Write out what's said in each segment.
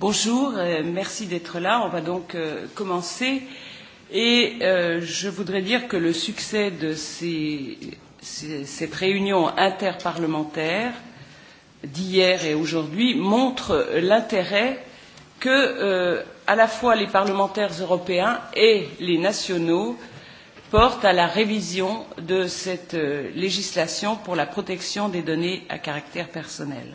Bonjour, euh, merci d'être là. On va donc euh, commencer. Et euh, je voudrais dire que le succès de ces, ces, cette réunion interparlementaire d'hier et aujourd'hui montre l'intérêt que, euh, à la fois les parlementaires européens et les nationaux portent à la révision de cette euh, législation pour la protection des données à caractère personnel. Euh,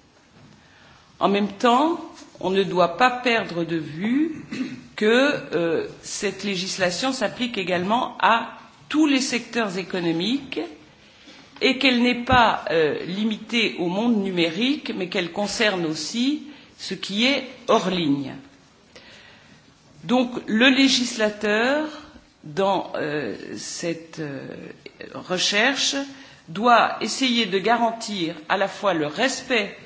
En même temps, on ne doit pas perdre de vue que euh, cette législation s'applique également à tous les secteurs économiques et qu'elle n'est pas euh, limitée au monde numérique, mais qu'elle concerne aussi ce qui est hors ligne. Donc le législateur, dans euh, cette euh, recherche, doit essayer de garantir à la fois le respect euh,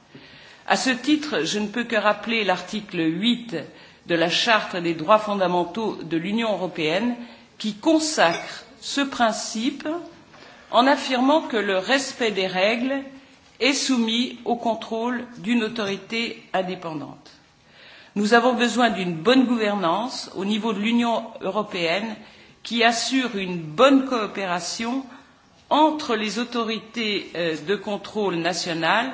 À ce titre, je ne peux que rappeler l'article 8 de la Charte des droits fondamentaux de l'Union européenne qui consacre ce principe en affirmant que le respect des règles est soumis au contrôle d'une autorité indépendante. Nous avons besoin d'une bonne gouvernance au niveau de l'Union européenne qui assure une bonne coopération entre les autorités euh, de contrôle nationales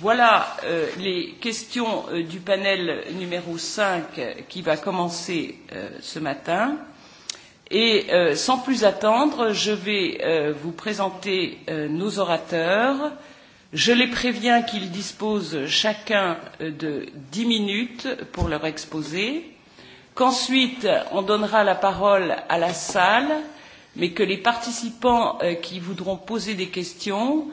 Voilà euh, les questions euh, du panel numéro 5 euh, qui va commencer euh, ce matin. Et euh, sans plus attendre, je vais euh, vous présenter euh, nos orateurs. Je les préviens qu'ils disposent chacun euh, de dix minutes pour leur exposé, qu'ensuite on donnera la parole à la salle, mais que les participants euh, qui voudront poser des questions euh,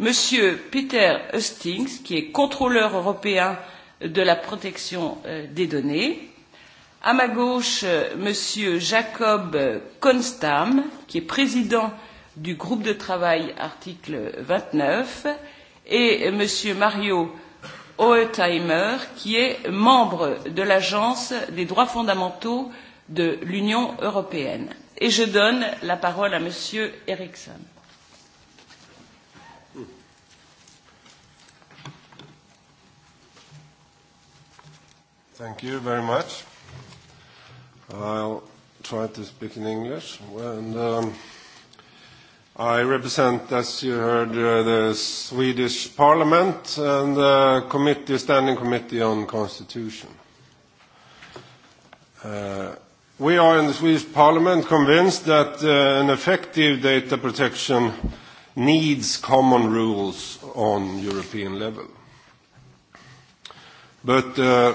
M. Peter Hustings, qui est contrôleur européen de la protection euh, des données. À ma gauche, euh, M. Jacob Constam, qui est président du groupe de travail article 29, et M. Mario Hoetheimer, qui est membre de l'Agence des droits fondamentaux de l'Union européenne. Et je donne la parole à M. Eriksson. Thank you very much. I'll try to speak in English. And, um, I represent, as you heard, uh, the Swedish Parliament and the committee, Standing Committee on Constitution. Uh, we are in the Swedish Parliament convinced that uh, an effective data protection needs common rules on European level. But uh,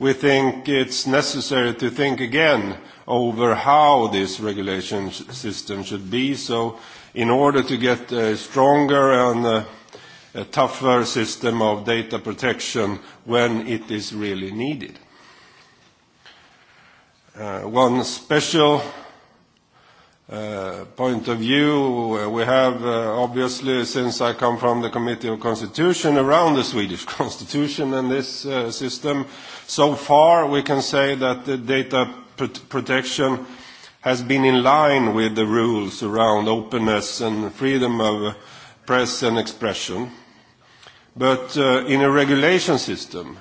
we think it's necessary to think again over how this regulation system should be. So in order to get a stronger and a, a tougher system of data protection when it is really needed. Uh, one special uh, point of view. We have, uh, obviously, since I come from the Committee of Constitution, around the Swedish Constitution and this uh, system. So far, we can say that the data prot protection has been in line with the rules around openness and freedom of press and expression. But uh, in a regulation system,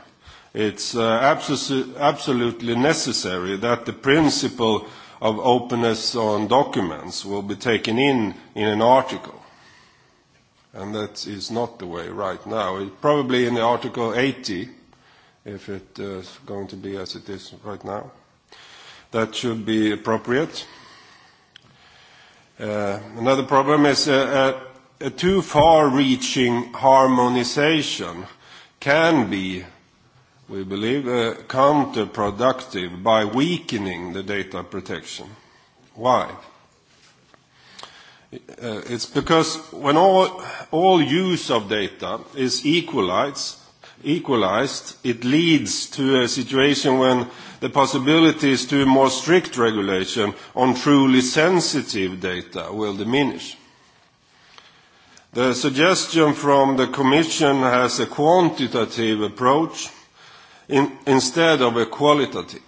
it's uh, absolutely necessary that the principle uh, of openness on documents will be taken in in an article. And that is not the way right now. It, probably in Article 80, if it uh, is uh, going to be as it is right now. That should be appropriate. Uh, another problem is uh, a, uh, a too far-reaching harmonization can be we believe, uh, counterproductive by weakening the data protection. Why? Uh, it's because when all, all use of data is equalized, equalized, it leads to a situation when the possibilities to more strict regulation on truly sensitive data will diminish. The suggestion from the Commission has a quantitative approach in, instead of equality.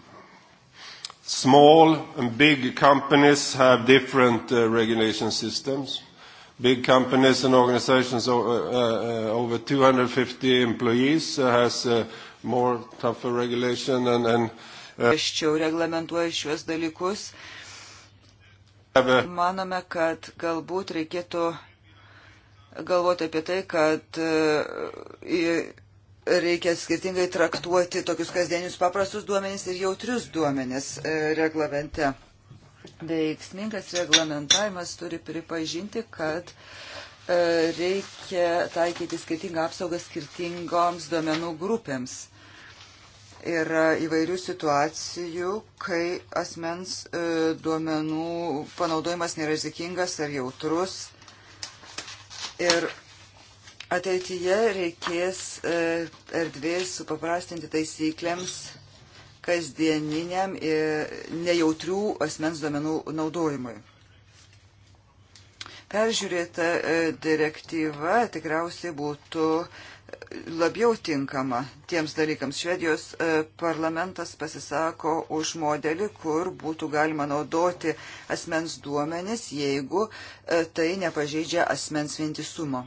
Small and big companies have different uh, regulation systems. Big companies and organizations uh, uh, over 250 employees uh, has uh, more tougher regulation and, and uh, Aiščiau reglamentuoja šiuos dalykus. Manome, kad galbūt reikėtų galvoti apie tai, kad uh, reikia skirtingai traktuoti tokius kasdienius paprastus duomenys ir jautrius duomenys e, reglamente. Veiksmingas reglamentavimas turi pripažinti, kad e, reikia taikyti skirtingą apsaugą skirtingoms duomenų grupėms. Yra įvairių situacijų, kai asmens e, duomenų panaudojimas nėra rizikingas ar jautrus. Ir Ateityje reikės e, erdvės supaprastinti taisyklėms kasdieniniam nejautrių asmens duomenų naudojimui. Peržiūrėta e, direktyva tikriausiai būtų labiau tinkama tiems dalykams. Švedijos e, parlamentas pasisako už modelį, kur būtų galima naudoti asmens duomenis, jeigu tai nepažeidžia asmens vientisumo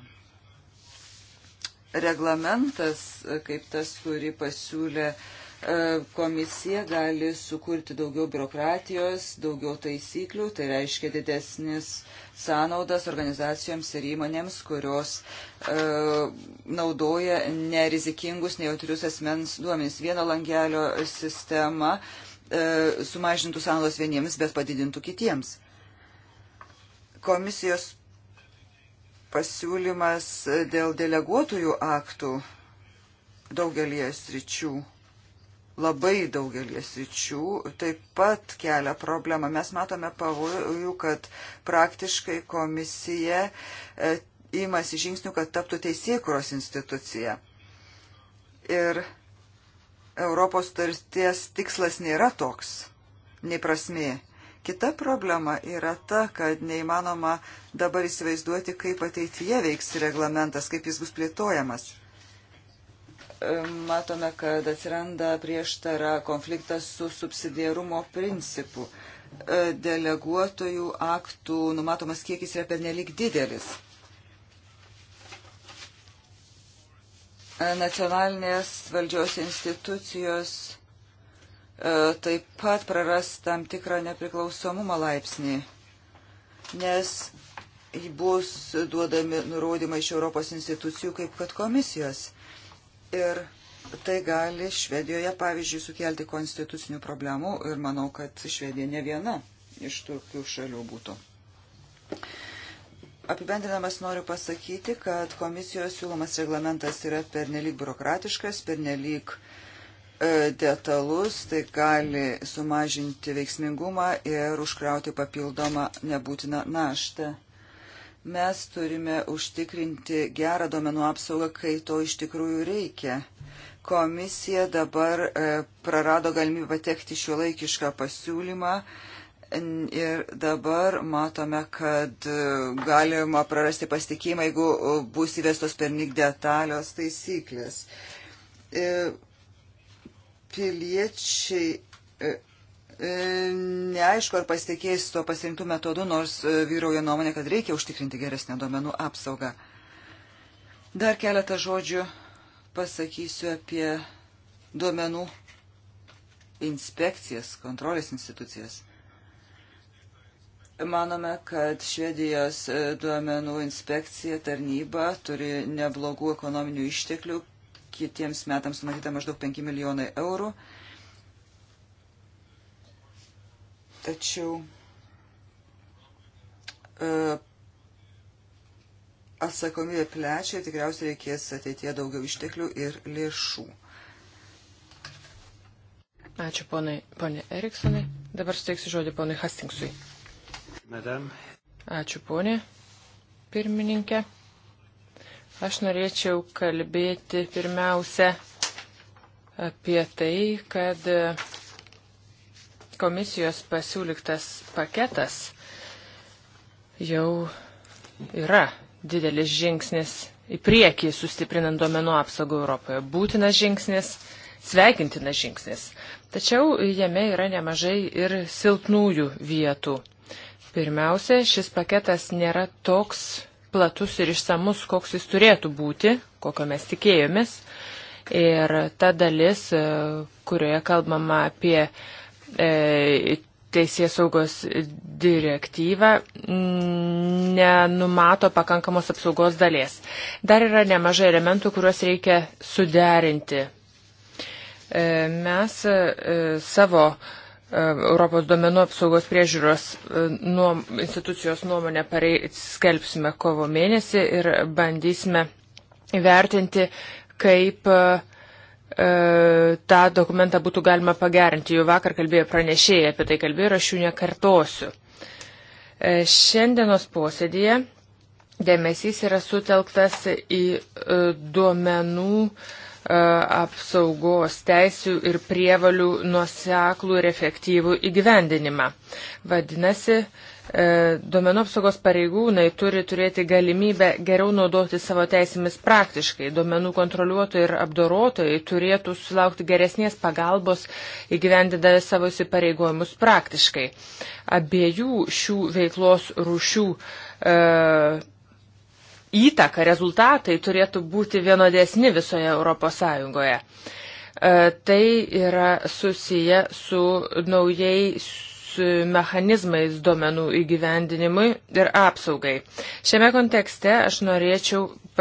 reglamentas, kaip tas, kurį pasiūlė e, komisija, gali sukurti daugiau biurokratijos, daugiau taisyklių, tai reiškia didesnis sąnaudas organizacijoms ir įmonėms, kurios e, naudoja nerizikingus, nejautrius asmens duomenys. Vieno langelio sistema e, sumažintų sąnaudas vieniems, bet padidintų kitiems. Komisijos pasiūlymas dėl deleguotojų aktų daugelie sričių, labai daugelie sričių, taip pat kelia problemą. Mes matome pavojų, kad praktiškai komisija įmasi e, žingsnių, kad taptų teisėkuros institucija. Ir Europos tarties tikslas nėra toks, nei prasmė. Kita problema yra ta, kad neįmanoma dabar įsivaizduoti, kaip ateityje veiks reglamentas, kaip jis bus plėtojamas. E, matome, kad atsiranda prieštara konfliktas su subsidiarumo principu. E, deleguotojų aktų numatomas kiekis yra pernelik didelis. E, nacionalinės valdžios institucijos E, taip pat praras tam tikrą nepriklausomumo laipsnį, nes bus duodami nurodymai iš Europos institucijų kaip kad komisijos. Ir tai gali Švedijoje, pavyzdžiui, sukelti konstitucinių problemų ir manau, kad Švedija ne viena iš tokių šalių būtų. Apibendrinamas noriu pasakyti, kad komisijos siūlomas reglamentas yra pernelyg biurokratiškas, pernelyg uh, E, detalus, tai gali sumažinti veiksmingumą ir užkrauti papildomą nebūtiną naštą. Mes turime užtikrinti gerą domenų apsaugą, kai to iš tikrųjų reikia. Komisija dabar e, prarado galimybę patekti šio laikišką pasiūlymą ir dabar matome, kad e, galima prarasti pasitikėjimą, jeigu bus įvestos pernik detalios taisyklės piliečiai e, e, neaišku, ar pasitikės tuo pasirinktų metodu, nors e, vyrauja nuomonė, kad reikia užtikrinti geresnę duomenų apsaugą. Dar keletą žodžių pasakysiu apie duomenų inspekcijas, kontrolės institucijas. Manome, kad Švedijos duomenų inspekcija tarnyba turi neblogų ekonominių išteklių, kitiems metams numatyta maždaug 5 milijonai eurų. Tačiau e, atsakomybė plečia, tikriausiai reikės ateitie daugiau išteklių ir lėšų. Ačiū ponai, ponė Eriksonai. Dabar suteiksiu žodį ponai Hastingsui. Madam. Ačiū ponė pirmininkė. Aš norėčiau kalbėti pirmiausia apie tai, kad komisijos pasiūlyktas paketas jau yra didelis žingsnis į priekį sustiprinant duomenų apsaugą Europoje. Būtinas žingsnis, sveikintinas žingsnis. Tačiau jame yra nemažai ir silpnųjų vietų. Pirmiausia, šis paketas nėra toks platus ir išsamus, koks jis turėtų būti, kokio mes tikėjomės. Ir ta dalis, e, kurioje kalbama apie e, teisės saugos direktyvą nenumato pakankamos apsaugos dalies. Dar yra nemažai elementų, kuriuos reikia suderinti. E, mes e, savo E, Europos duomenų apsaugos priežiūros e, nuom, institucijos nuomonę parei skelbsime kovo mėnesį ir bandysime įvertinti, kaip uh, tą dokumentą būtų galima pagerinti. Jau vakar kalbėjo pranešėjai apie tai kalbėjo ir aš jų nekartosiu. Šiandienos posėdėje dėmesys yra sutelktas į duomenų uh, E, apsaugos teisių ir prievalių nuoseklų ir efektyvų įgyvendinimą. Vadinasi, e, Duomenų apsaugos pareigūnai turi turėti galimybę geriau naudoti savo teisėmis praktiškai. Duomenų kontroliuotojai ir apdorotojai turėtų sulaukti geresnės pagalbos įgyvendinami savo įsipareigojimus praktiškai. Abiejų šių veiklos rušių e, įtaka, rezultatai turėtų būti vienodesni visoje Europos Sąjungoje. E, tai yra susiję su naujai mechanizmais duomenų įgyvendinimui ir apsaugai. Šiame kontekste aš norėčiau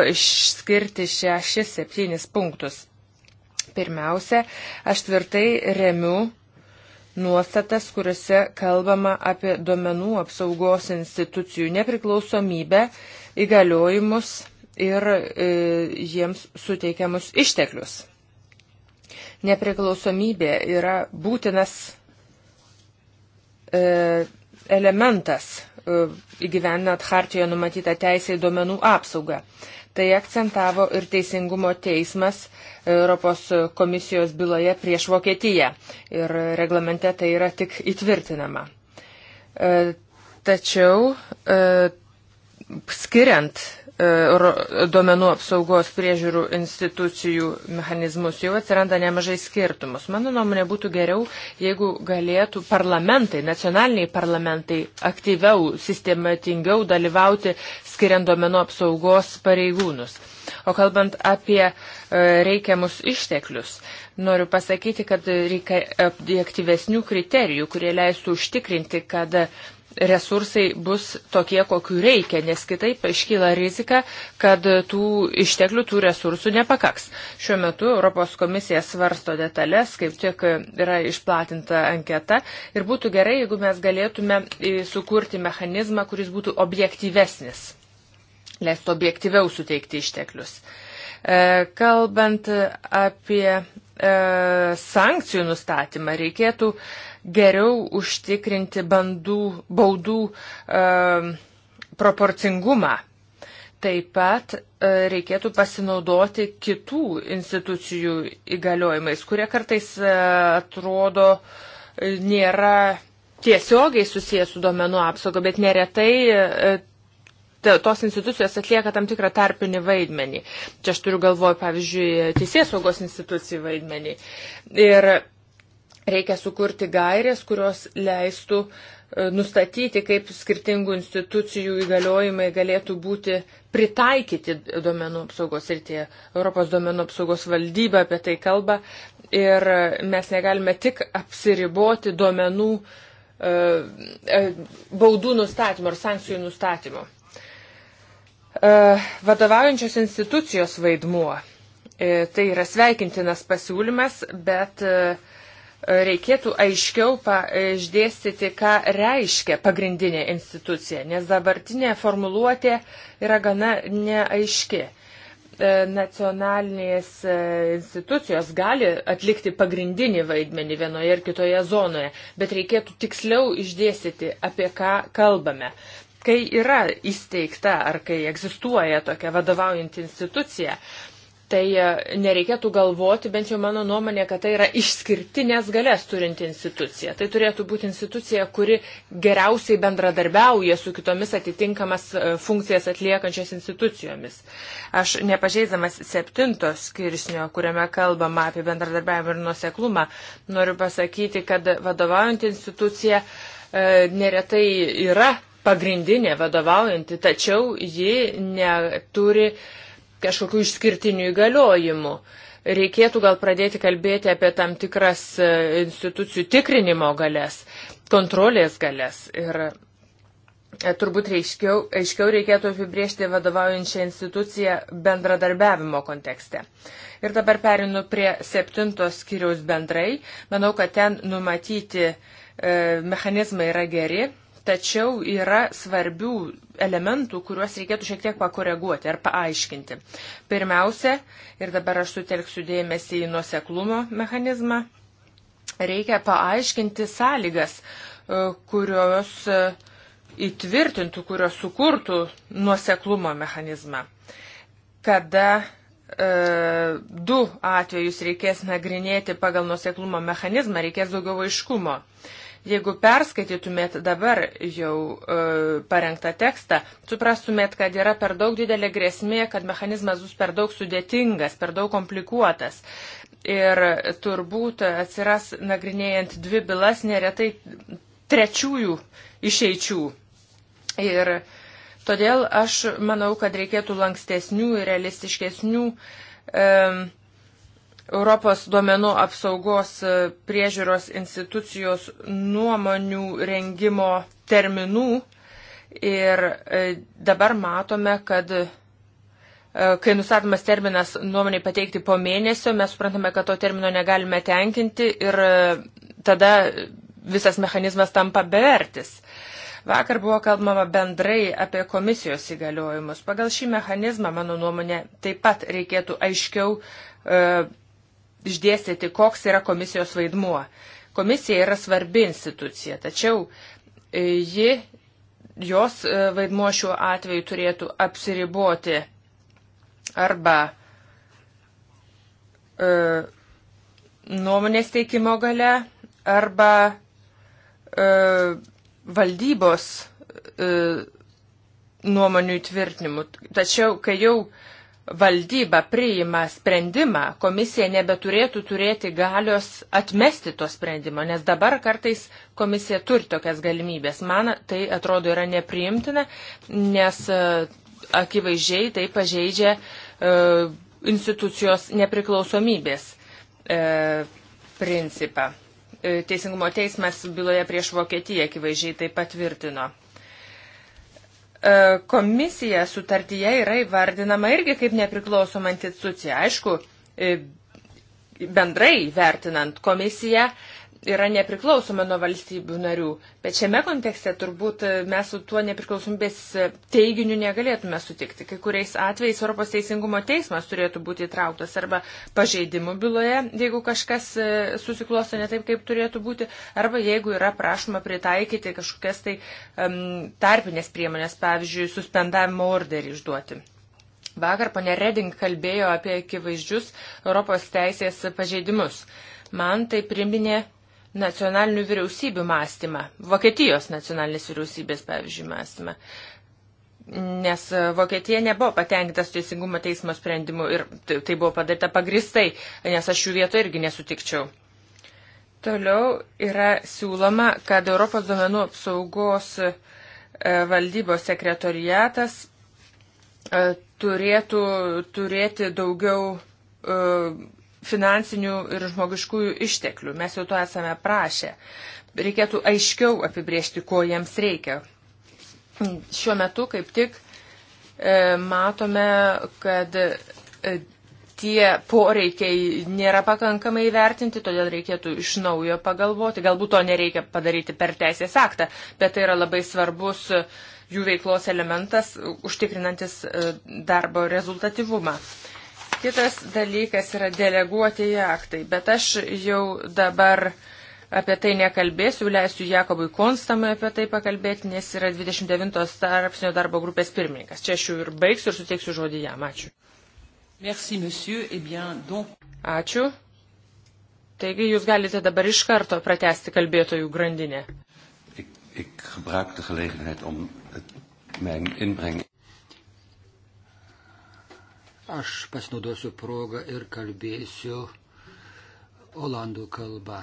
išskirti 6-7 punktus. Pirmiausia, aš tvirtai remiu nuostatas, kuriuose kalbama apie duomenų apsaugos institucijų nepriklausomybę įgaliojimus ir e, jiems suteikiamus išteklius. Nepriklausomybė yra būtinas e, elementas e, įgyvendinant Hartijoje numatytą teisę į duomenų apsaugą. Tai akcentavo ir Teisingumo teismas Europos komisijos byloje prieš Vokietiją. Ir reglamente tai yra tik įtvirtinama. Tačiau skiriant e, duomenų apsaugos priežiūrų institucijų mechanizmus jau atsiranda nemažai skirtumus. Mano nuomonė būtų geriau, jeigu galėtų parlamentai, nacionaliniai parlamentai aktyviau, sistematingiau dalyvauti skiriant duomenų apsaugos pareigūnus. O kalbant apie e, reikiamus išteklius, noriu pasakyti, kad reikia e, aktyvesnių kriterijų, kurie leistų užtikrinti, kad resursai bus tokie, kokiu reikia, nes kitaip iškyla rizika, kad tų išteklių, tų resursų nepakaks. Šiuo metu Europos komisija svarsto detalės, kaip tik yra išplatinta anketa ir būtų gerai, jeigu mes galėtume e, sukurti mechanizmą, kuris būtų objektyvesnis, leistų objektyviau suteikti išteklius. E, kalbant apie e, sankcijų nustatymą, reikėtų uh, geriau užtikrinti bandų, baudų e, proporcingumą. Taip pat e, reikėtų pasinaudoti kitų institucijų įgaliojimais, kurie kartais e, atrodo e, nėra tiesiogiai susijęs su domenų apsauga, bet neretai e, tos institucijos atlieka tam tikrą tarpinį vaidmenį. Čia aš turiu galvoje, pavyzdžiui, teisės saugos institucijų vaidmenį. Ir Reikia sukurti gairės, kurios leistų e, nustatyti, kaip skirtingų institucijų įgaliojimai galėtų būti pritaikyti duomenų apsaugos ir tie Europos duomenų apsaugos valdyba apie tai kalba. Ir mes negalime tik apsiriboti duomenų e, e, baudų nustatymo ar sankcijų nustatymo. Vadovaujančios institucijos vaidmuo. Tai yra sveikintinas pasiūlymas, bet uh, reikėtų aiškiau išdėstyti, ką reiškia pagrindinė institucija, nes dabartinė formuluotė yra gana neaiški. E, nacionalinės e, institucijos gali atlikti pagrindinį vaidmenį vienoje ir kitoje zonoje, bet reikėtų tiksliau išdėstyti, apie ką kalbame. Kai yra įsteigta ar kai egzistuoja tokia vadovaujanti institucija, tai e, nereikėtų galvoti, bent jau mano nuomonė, kad tai yra išskirtinės galės turinti institucija. Tai turėtų būti institucija, kuri geriausiai bendradarbiauja su kitomis atitinkamas e, funkcijas atliekančias institucijomis. Aš nepažeidamas septintos skirsnio, kuriame kalbama apie bendradarbiavimą ir nuoseklumą, noriu pasakyti, kad vadovaujant institucija e, neretai yra pagrindinė vadovaujanti, tačiau ji neturi kažkokių išskirtinių įgaliojimų. Reikėtų gal pradėti kalbėti apie tam tikras e, institucijų tikrinimo galės, kontrolės galės. Ir e, turbūt reiškiau, aiškiau reikėtų apibriežti vadovaujančią instituciją bendradarbiavimo kontekste. Ir dabar perinu prie septintos skyriaus bendrai. Manau, kad ten numatyti e, mechanizmai yra geri tačiau yra svarbių elementų, kuriuos reikėtų šiek tiek pakoreguoti ar paaiškinti. Pirmiausia, ir dabar aš sutelksiu dėmesį į nuoseklumo mechanizmą, reikia paaiškinti sąlygas, e, kurios e, įtvirtintų, kurios sukurtų nuoseklumo mechanizmą. Kada e, du atvejus reikės nagrinėti pagal nuseklumo mechanizmą, reikės daugiau aiškumo. Jeigu perskaitytumėt dabar jau e, parengtą tekstą, suprastumėt, kad yra per daug didelė grėsmė, kad mechanizmas bus per daug sudėtingas, per daug komplikuotas. Ir turbūt atsiras nagrinėjant dvi bylas neretai trečiųjų išeičių. Ir todėl aš manau, kad reikėtų lankstesnių ir realistiškesnių. E, Europos duomenų apsaugos e, priežiūros institucijos nuomonių rengimo terminų ir e, dabar matome, kad e, kai nustatomas terminas nuomoniai pateikti po mėnesio, mes suprantame, kad to termino negalime tenkinti ir tada visas mechanizmas tampa bevertis. Vakar buvo kalbama bendrai apie komisijos įgaliojimus. Pagal šį mechanizmą, mano nuomonė, taip pat reikėtų aiškiau e, išdėstyti, koks yra komisijos vaidmuo. Komisija yra svarbi institucija, tačiau e, ji, jos e, vaidmuo šiuo atveju turėtų apsiriboti arba e, nuomonės teikimo gale, arba e, valdybos e, nuomonių įtvirtinimu. Tačiau, kai jau e, valdyba priima sprendimą, komisija nebeturėtų turėti galios atmesti to sprendimo, nes dabar kartais komisija turi tokias galimybės. Man tai atrodo yra nepriimtina, nes e, akivaizdžiai tai pažeidžia e, institucijos nepriklausomybės e, principą. E, Teisingumo teismas byloje prieš Vokietiją akivaizdžiai tai patvirtino. E, komisija sutartyje yra įvardinama irgi kaip nepriklausoma institucija. Aišku, e, bendrai vertinant komisiją yra nepriklausoma nuo valstybių narių. Bet šiame kontekste turbūt e, mes su tuo nepriklausomybės e, teiginiu negalėtume sutikti. Kai kuriais atvejais Europos Teisingumo teismas turėtų būti įtrauktas arba pažeidimų byloje, jeigu kažkas e, susiklosto ne taip, kaip turėtų būti, arba jeigu yra prašoma pritaikyti kažkokias tai um, tarpinės priemonės, pavyzdžiui, suspendavimo orderį išduoti. Vakar ponė Reding kalbėjo apie akivaizdžius Europos teisės pažeidimus man tai priminė nacionalinių vyriausybių mąstymą, Vokietijos nacionalinės vyriausybės, pavyzdžiui, mąstymą. Nes Vokietija nebuvo patenkintas teisingumo teismo sprendimu ir tai, tai buvo padaryta pagristai, nes aš jų vieto irgi nesutikčiau. Toliau yra siūloma, kad Europos duomenų apsaugos e, valdybos sekretoriatas e, turėtų turėti daugiau e, finansinių ir žmogiškųjų išteklių. Mes jau to esame prašę. Reikėtų aiškiau apibriežti, ko jiems reikia. Šiuo metu kaip tik e, matome, kad e, tie poreikiai nėra pakankamai vertinti, todėl reikėtų iš naujo pagalvoti. Galbūt to nereikia padaryti per teisės aktą, bet tai yra labai svarbus e, jų veiklos elementas, užtikrinantis e, darbo rezultatyvumą. Kitas dalykas yra deleguotieji aktai, bet aš jau dabar apie tai nekalbėsiu, leisiu Jakobui Konstamui apie tai pakalbėti, nes yra 29 starpsnio darbo grupės pirmininkas. Čia aš jau ir baigsiu ir suteiksiu žodį jam. Ačiū. Merci, monsieur. Eh bien, donc... Ačiū. Taigi jūs galite dabar iš karto pratesti kalbėtojų grandinę. Ik, ik gebruik de gelegenheid om mijn inbreng Aš pasinaudosiu progą ir kalbėsiu olandų kalba.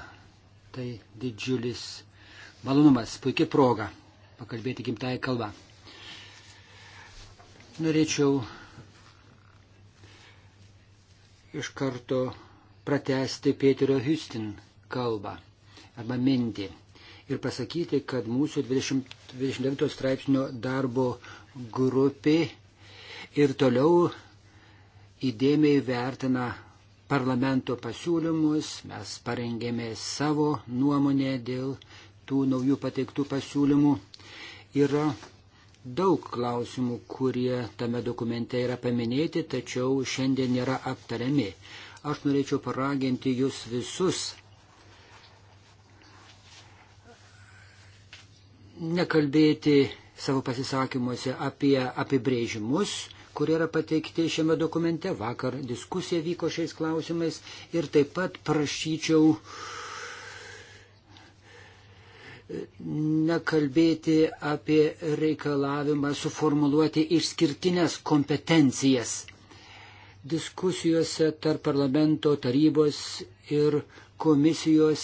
Tai didžiulis malonumas, puikia proga pakalbėti gimtąją kalbą. Norėčiau iš karto pratesti Pėterio Hustin kalbą arba mintį ir pasakyti, kad mūsų 20, 29 straipsnio darbo grupė ir toliau įdėmiai vertina parlamento pasiūlymus, mes parengėme savo nuomonę dėl tų naujų pateiktų pasiūlymų. Yra daug klausimų, kurie tame dokumente yra paminėti, tačiau šiandien nėra aptariami. Aš norėčiau paraginti jūs visus nekalbėti savo pasisakymuose apie apibrėžimus, kurie yra pateikti šiame dokumente. Vakar diskusija vyko šiais klausimais ir taip pat prašyčiau e, nekalbėti apie reikalavimą suformuluoti išskirtinės kompetencijas. Diskusijose tarp parlamento tarybos ir komisijos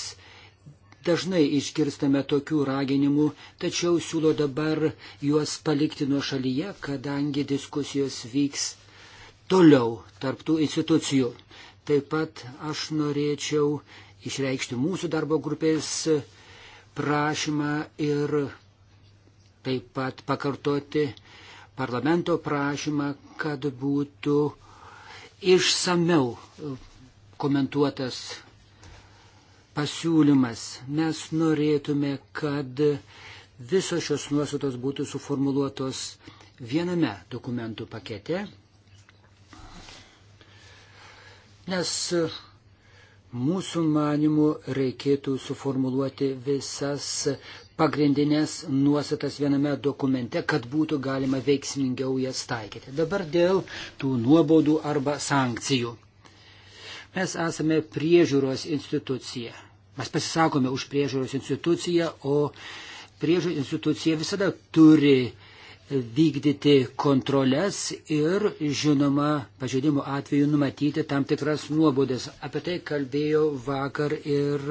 Dažnai iškirstame tokių raginimų, tačiau siūlo dabar juos palikti nuo šalyje, kadangi diskusijos vyks toliau tarptų institucijų. Taip pat aš norėčiau išreikšti mūsų darbo grupės prašymą ir taip pat pakartoti parlamento prašymą, kad būtų išsameu komentuotas pasiūlymas. Mes norėtume, kad visos šios nuostatos būtų suformuluotos viename dokumentų pakete, nes mūsų manimų reikėtų suformuluoti visas pagrindinės nuostatas viename dokumente, kad būtų galima veiksmingiau jas taikyti. Dabar dėl tų nuobaudų arba sankcijų. Mes esame priežiūros institucija. Mes pasisakome už priežiūros instituciją, o priežiūros institucija visada turi vykdyti kontrolės ir, žinoma, pažeidimo atveju numatyti tam tikras nuobaudas. Apie tai kalbėjo vakar ir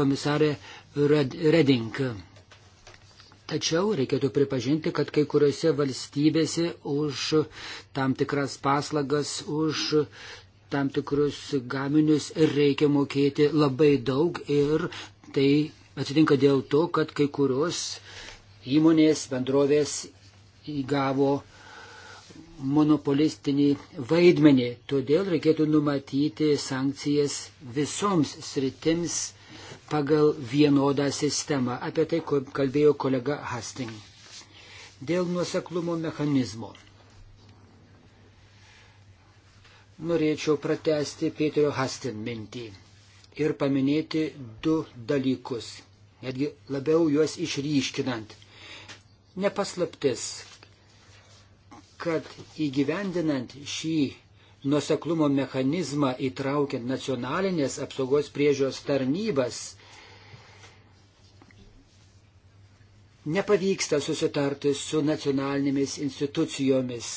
komisarė Reding. Tačiau reikėtų pripažinti, kad kai kuriuose valstybėse už tam tikras paslagas, už tam tikrus gaminius reikia mokėti labai daug ir tai atsitinka dėl to, kad kai kurios įmonės, bendrovės įgavo monopolistinį vaidmenį. Todėl reikėtų numatyti sankcijas visoms sritims pagal vienodą sistemą. Apie tai kalbėjo kolega Hasting. Dėl nuoseklumo mechanizmo. norėčiau pratesti Pėterio Hastin mintį ir paminėti du dalykus, netgi labiau juos išryškinant. Nepaslaptis, kad įgyvendinant šį nuseklumo mechanizmą įtraukiant nacionalinės apsaugos priežios tarnybas, nepavyksta susitarti su nacionalinėmis institucijomis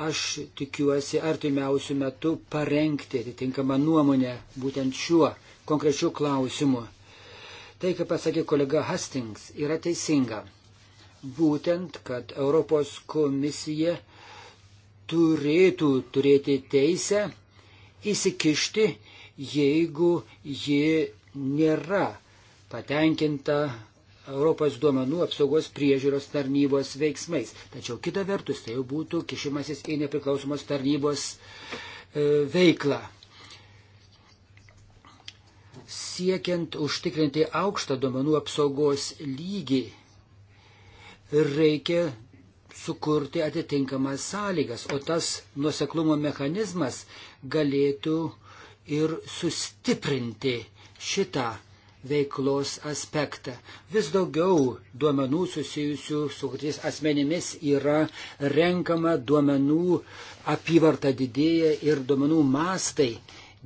Aš tikiuosi artimiausių metų parengti atitinkamą nuomonę būtent šiuo konkrečiu klausimu. Tai, kaip pasakė kolega Hastings, yra teisinga. Būtent, kad Europos komisija turėtų turėti teisę įsikišti, jeigu ji nėra patenkinta Europos duomenų apsaugos priežiūros tarnybos veiksmais. Tačiau kita vertus, tai jau būtų kišimasis į nepriklausomos tarnybos e, veiklą. Siekiant užtikrinti aukštą duomenų apsaugos lygį, reikia sukurti atitinkamas sąlygas, o tas nuoseklumo mechanizmas galėtų ir sustiprinti šitą veiklos aspektą. Vis daugiau duomenų susijusių su kokiais asmenimis yra renkama, duomenų apyvarta didėja ir duomenų mastai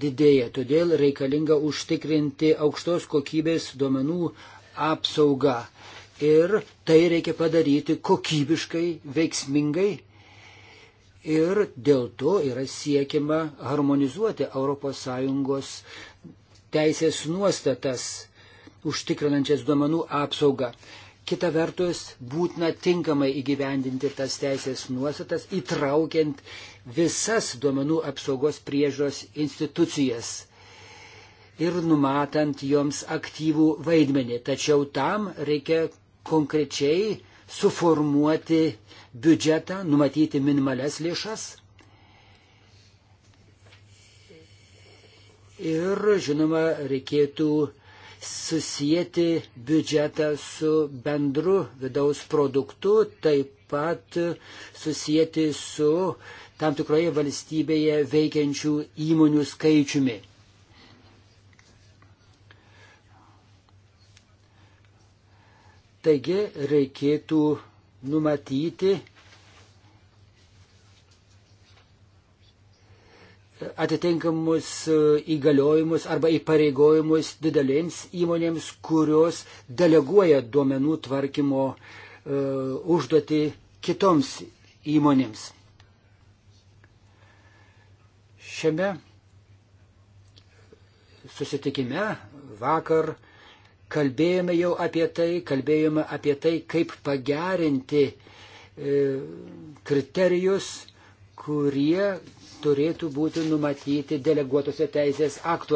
didėja. Todėl reikalinga užtikrinti aukštos kokybės duomenų apsaugą. Ir tai reikia padaryti kokybiškai, veiksmingai. Ir dėl to yra siekiama harmonizuoti ES teisės nuostatas užtikrinančias duomenų apsaugą. Kita vertus, būtina tinkamai įgyvendinti tas teisės nuostatas, įtraukiant visas duomenų apsaugos priežos institucijas ir numatant joms aktyvų vaidmenį. Tačiau tam reikia konkrečiai suformuoti biudžetą, numatyti minimales lėšas Ir, žinoma, reikėtų susijęti biudžetą su bendru vidaus produktu, taip pat susijęti su tam tikroje valstybėje veikiančių įmonių skaičiumi. Taigi reikėtų numatyti atitinkamus e, įgaliojimus arba įpareigojimus didelėms įmonėms, kurios deleguoja duomenų tvarkymo uh, e, užduoti kitoms įmonėms. Šiame susitikime vakar kalbėjome jau apie tai, kalbėjome apie tai, kaip pagerinti uh, kriterijus, kurie turėtų būti numatyti deleguotose teisės aktuose.